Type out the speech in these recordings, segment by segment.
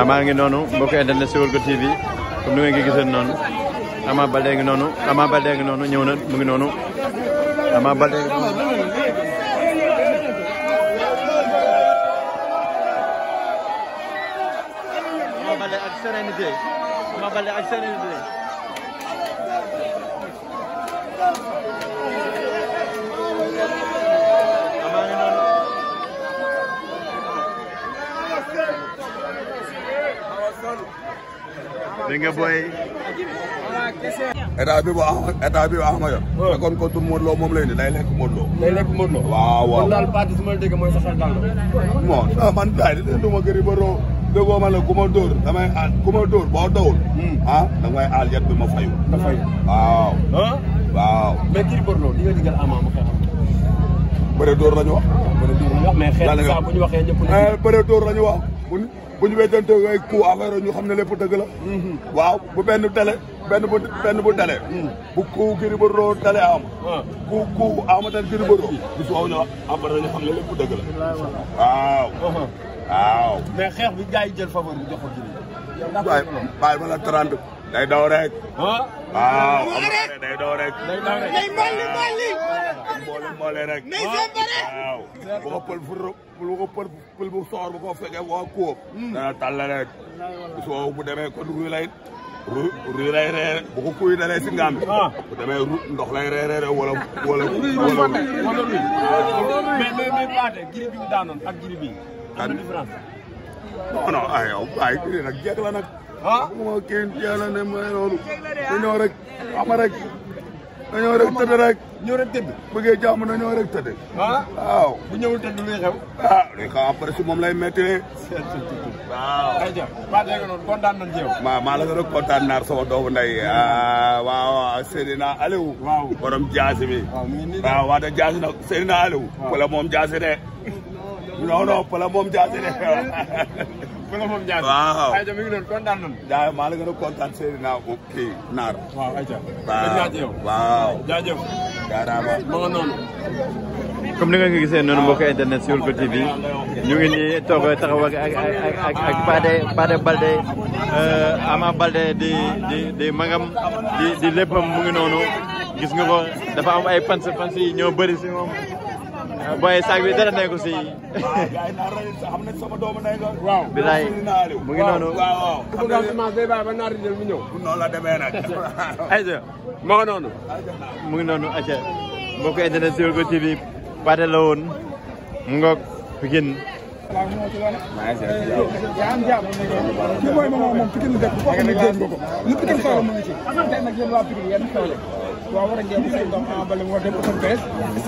Ama ngi noonu mbokk internet si Siweulko TV comme ni ngeen ko gisee noonu Ama Baldé ngi noonu Ama Baldé ngi noonu ñëw na mu ngi noonu Ama Baldé ngi noonu Ama Baldé ak sérénité Ama Baldé ak sérénité dégg nga booy. état bi bu ah état bi bu ah ma yor. waaw kon kon tur Modou Lo moom lay indi day lekk Modou Lo. day lekk Modou Lo waaw waaw. kon daal parti su ma dégg mooy saxal daal la. bon non ah, man daal di leen duma gëri ba roo. déggoo ma la ku ma dóor damay aal ku ma dóor boo dawul. Hmm. ah damay aal yet bi ma fayu. ma fayu waaw. ah waaw. mais kii Modou Lo li nga digal Ama ma xeexam. bëre dóor la ñu wax. bëre dóor la ñu wax mais xeex saa bu ñu waxee ñëpp. Eh, bëre dóor la ñu wax. bu ñu weddante ay coup affaire ñu xam ne lépp dëgg la. Mhm. waaw bu benn télé benn bu benn bu télé. Mhm. bu coup Gris Bordeaux télé am. coup coup Amathane Gris Bordeaux. bis woowu ñu affaire ñu xam ne lépp dëgg la. waaw. Uh-huh. waaw. mais xeex bi gars jël faveur bi jox ko Gris. waaye bàyyi ma la 30. day daw rek. waaw. day daw rek. day daw rek. boole mboole rek. mais c'est pël fu ru boo pël pël bu soor bu ko fekkee boo kóob. Hmm. dana talla rek. soo bu demee kon ruy lay ru ruy bu ko kuy dalee si ah. bu demee ru ndox lay reere wala wala. wala mais mais mais Pathé giri bi ñu daanoon ak giri na ah, ay giri nag jeeg la nag. ah moo kii jeeg ne ma noonu. ñu ñëw rek xam dañoo rek tëdd rek. ñëw rek tëdd. bëggee jàmm dañoo rek tëdd. ah waaw bu ñëwul tëdd luy xew. ah luy xew après si moom lay méttee. waaw. ayca maa la gën a kontaan naar sama doomu ndey. Ah, waaw Seydina Aliou. waaw borom jaasi bi. waaw mi ngi ah, jaasi nag Seydina Aliou. waaw moom jaasi de. non non wala moom jaasi de. bala moom waaw Aïcha mi a kontaan Seydina ok naar. nga noonu. comme ni nga ko gisee noonu mbokk internet si Woulko TV ñu ngi nii toog taxaw ak ak ak Balde euh, Ama Balde di di di magam di di mu ngi noonu gis nga ko dafa am ay fans fans yi ñoo bëri si booy saag bi dara nekku si. waaw gars yi naar la xam nañ sama doomu nay nga. waaw bilaay mu ngi noonu. waaw waaw xam nga semence day bàyyi ba naar di mu ñëw. noonu la demee nag. ayca ma nga noonu. mu ngi noonu ayca mbokk internet Siweulko TV pate la woon mu ngoog Pikine. maa ngi seet yow. yaa am jàmm. kii mooy moom moom Pikine la dëkk boo xam ne dégg nga ko. lu Pikine soxla mu ngi ci. tey nag yéen waa Pikine yéen soxla. waaw war a ngeen ko seen doom Ama Baldé war dem moom préparé nañ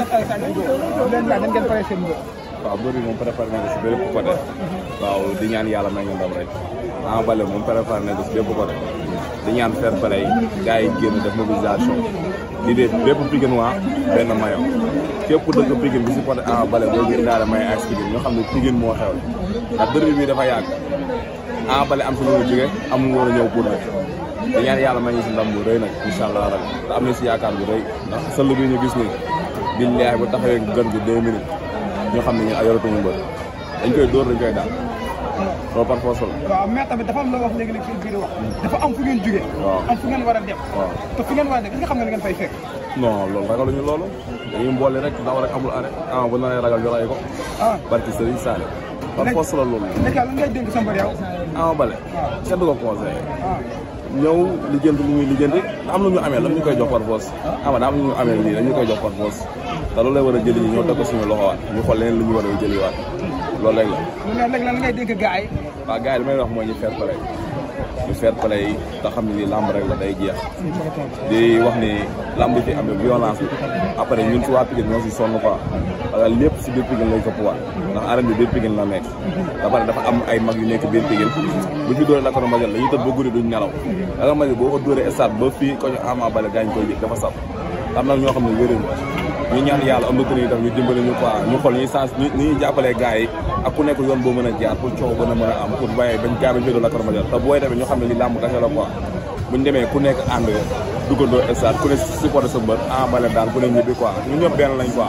ko si bépp côté waaw di ñaan yàlla may ñu ndam rek Ama Baldé moom préparé na ko si bépp côté di ñaan fair play gars yi génn def mobilisation di dee bépp Pikine waa benn mayo képp dëkk Pikine bi si côté Ama Baldé boo gën daal xam ne Pikine moo xew ndax derby bi yàgg Ama Baldé am si lu mu jóge am war a ñëw pour rek di ñaan yàlla may ñu si ndam bu rëy nag incha allah rabi te am nañ si yaakaar bu rëy ndax sëll bi ñu gis nii biñ leex bu taxawee gën gi deux minutes ñu xam ne ñu ay yoratuñu mbër dañ koy dóor dañ koy daal loolu par force la. waaw mais tamit dafa am loo wax léegi nag ci biir wax. Hmm. dafa am fu ngeen jugee. waaw am fu ngeen war a dem. waaw te fu ngeen war a dem nga xam ne ngeen fay fekk. non loolu ragaluñu loolu. dañuy mboole rek daw rek amul arrêt ah bu naree ragal ñu ray ko. ah barki Serigne Saliou. par force la loolu. léegi nag lu ngay dénk sa mbër yow. ah Bale. waaw kenn du ko conseillé. Ah. ñëw lijjanti lu muy lijjanti am na ñu amee la ñu koy jox par force ama na am na ñu amee lii dañu koy jox par force lay war a jëli ñi ñoo teg ko suñu loxo waat ñu xool leneen lu ñu war a jëli waat loolu rek la. mu ne nag lan ngay dégg gars yi. waaw gars yi li may wax mooy ñu faire pare ñu fair play te xam ne ni làmb rek la day jeex di wax ni làmb fi amee violence bi après ñun ci waa Pikine ñoo si sonn quoi parce que lépp si biir Pikine lay këppwaat ndax arène bi biir Pikine la nekk da pare dafa am ay mag yu nekk biir Pikine bu ñu dóoree na Rose dañuy tëdd ba guddi duñ nelaw Lac Rose boo ko dóoree stade ba fii ko ñu Ama Baldé gaañ koy jëg dafa saf am nag ñoo xam ne wéréñ ñu ñaan yàlla am na ku ne ñu dimbali ñu ñu xool ñuy sens ñu ñuy jàppalee gars ak ku nekk yoon boo mën a jaar pour coow ba na mën a am pour waaye bañ gars bañ féedoo la kor major te booy demee ñu xam ne li làmb kese la quoi buñ demee ku nekk ànd duggandoo stade ku ne supporté sa mbër emballé daal ku ne ñibbi quoi ñu ñëpp benn lañ quoi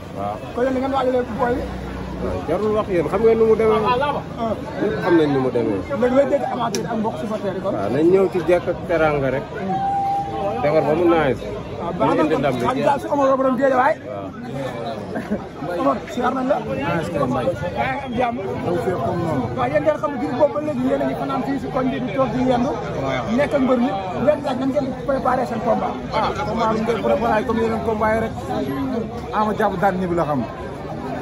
waaw kon li ngeen waajalee booy yi. waaw jarul wax yéen xam ngeen nu mu demee. ñëpp ah, ah. xam nañ nu mu demee. léegi lay dégg amateur a mbokk supporter yi kon. waaw nañ ñëw ci jekk ak teranga rek. Hmm. defar ba mu naaj. waaw baax na xam nga si Omar borom géej waay. la. waaye am jàmm. waaw a si koñ bi di toog di yendu. nekk ak mbër mi leen laaj nan ngeen di préparé seen combat. ah combat bi ngeen préparé comme yeneen rek. ama jàpp daan ñibbi la xam.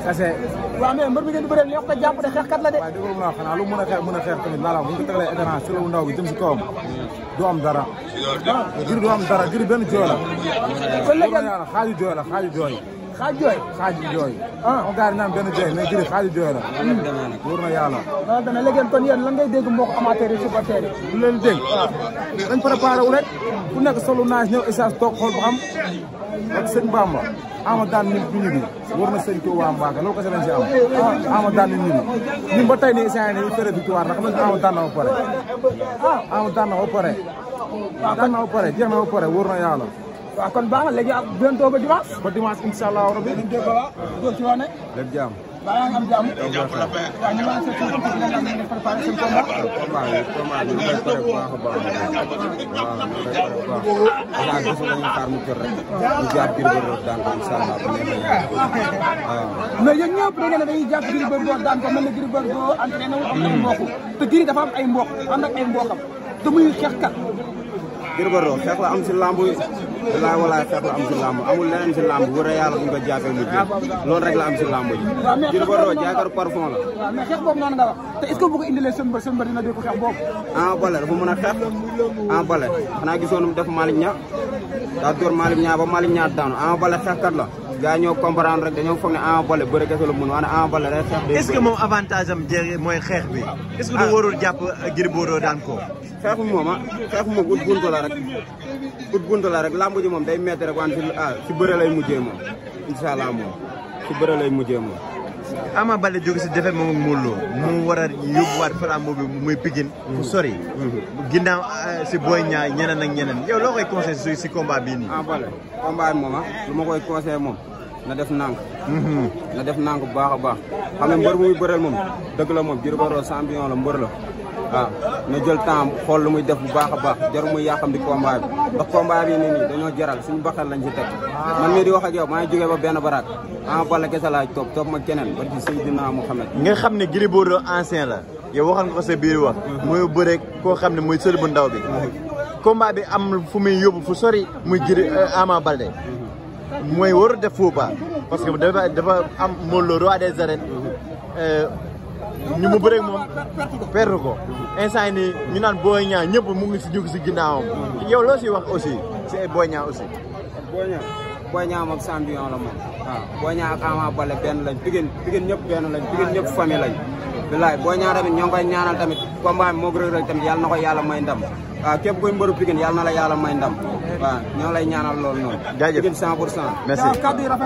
kase waaw mais mbër bi ngeen di bëreel yokk ko jàpp de xeexkat la de waaw déglu naa xanaa lu mën a xeex mën a xeex tamit laa la bu ñu ko tegalee écran si lawu ndaw bi jëm si kawam du am dara giri du am dara giri benn jooy la kon la yàlla xaaju jooy la xaaju jooy xaaju jooy xaaju jooy on gaari naan benn jooy mais giri xaaju jooy la wóor na yàlla waaw dana léegi kon yéen lan ngay dégg mbokk amateur yi supporter yi lu leen dégg dañ préparé wu rek ku nekk solu naaj ñëw essage toog xool ba xam ak sëñ Bamba ama daan nit ñu ñu bi war na sëñ Touba Mbacké loolu kese lañ si am ah, ama daan nit ñu bi ñun ba tey nii saa yi fere victoire ndax man ama daan na ba pare ama na ba pare ah, daan na ba pare jeex na ba pare wóor na yàlla waaw ah, kon baax na léegi bientôt ba dimanche ba dimanche incha allah rabbi léegi jaam waaw am jàmm waaw ñu lancé seen combat nga xam ne dañuy préparé seen combat. combat bi combat bi ñu koy pare bu baax a baax a baax waaw ñu koy pare bu baax xanaa gis nga ñu xaar mu jot rek ñu jàpp biir bër bër daan ko incha allah bu neexee waaw. mais yéen ñëpp da ngeen ne dañuy jàpp biir bër bër daan ko mel ne biir bër boo entraîné wu am ay mbokk te giri dafa am ay mbokk ànd ak ay mbokkam te muy xeexkat. biir bër xeex la am si lamb yi. laa walaay fekk la am si làmb amul leneen si làmb wër a yàlla bu ñu ko jaafee mu jël loolu rek la am si làmb ji Gris Bordeaux jaakaar parfum la waaw mais xeex boobu noonu nga wax te est-ce que bu ko indilee seen mbër seen mbër dina dégg ko xeex boobu en bale dafa a xeex en bale xanaa gisoon def Malick Niang daa ba Malick daanu en bale xeexkat la gars ñoo comprendre rek dañoo foog ne Ama Baldé bëre kese la mun maanaam Ama Baldé rek xeex. est avantage am mooy xeex bi. est-ce que du ah. warul jàpp Gris Bordeaux daan ko. xeex bi moom ah xeex bi moom ut buntu rek ut buntu làmb moom day métti rek wante ah si bëre lay mujjee moom incha allah moom si bëre lay mujjee moom. Ama Baldé jóge si defet moom ak Modou Lo mu war a mu flambeau bi muy Pikine sori mm-hmm. ginnaaw euh, si Boy Niang ñeneen ak ñeneen yow loo koy conseillé si combat bii nii Ama Baldé combat bi moom ah, lu ma koy conseillé moom na def hmm na def nànk bu baakha baax xamne ne bu muy beurel mom deug la mom Gris Bordeaux champion la mbër la waaw na jël temps xol lu muy def bu baakha baax jar muy yàqam di combat bi ndax combat bi ni ni dañu jaral suñu bakkal lañ ci tek ah. man mii di wax ak yow ma ngi jógee ba ben barak en balla kessa la top top ma kenen ba ci Seydina Mouhamed nga xamne ne Gris ancien la yow waxal nga ko sa biir wax moy mhm. bëre koo xam ne mooy sël bu ndaw bi mhm. combat bi am fu muy yobbu fu sori muy Gris euh, Ama balde mhm moy wor def faux pas parce que dafa dafa am moloro Lo roi des arènes ñu mu bëre mom perdre ko instant ni ñu nan Boy Niang ñëpp mu ngi ci jog ci ginnaawam yow lo ci wax aussi ci e Boy Niang aussi. Boy Niang Boy Niang moom champion la moom waaw Boy Niang ak Ama balé ben lañ Pikine Pikine ñëpp ben lañ Pikine ñëpp fami lañ. billahi Boy Niang tamit ñong koy ñaanal tamit combat mo gëreul tamit yalla nako yalla may ndam waaw képp koy mbeuru pigen yalla na la yalla may ndam. waaw ñoo lay ñaanal loolu noonu. jaajëf 100 pour 100. merci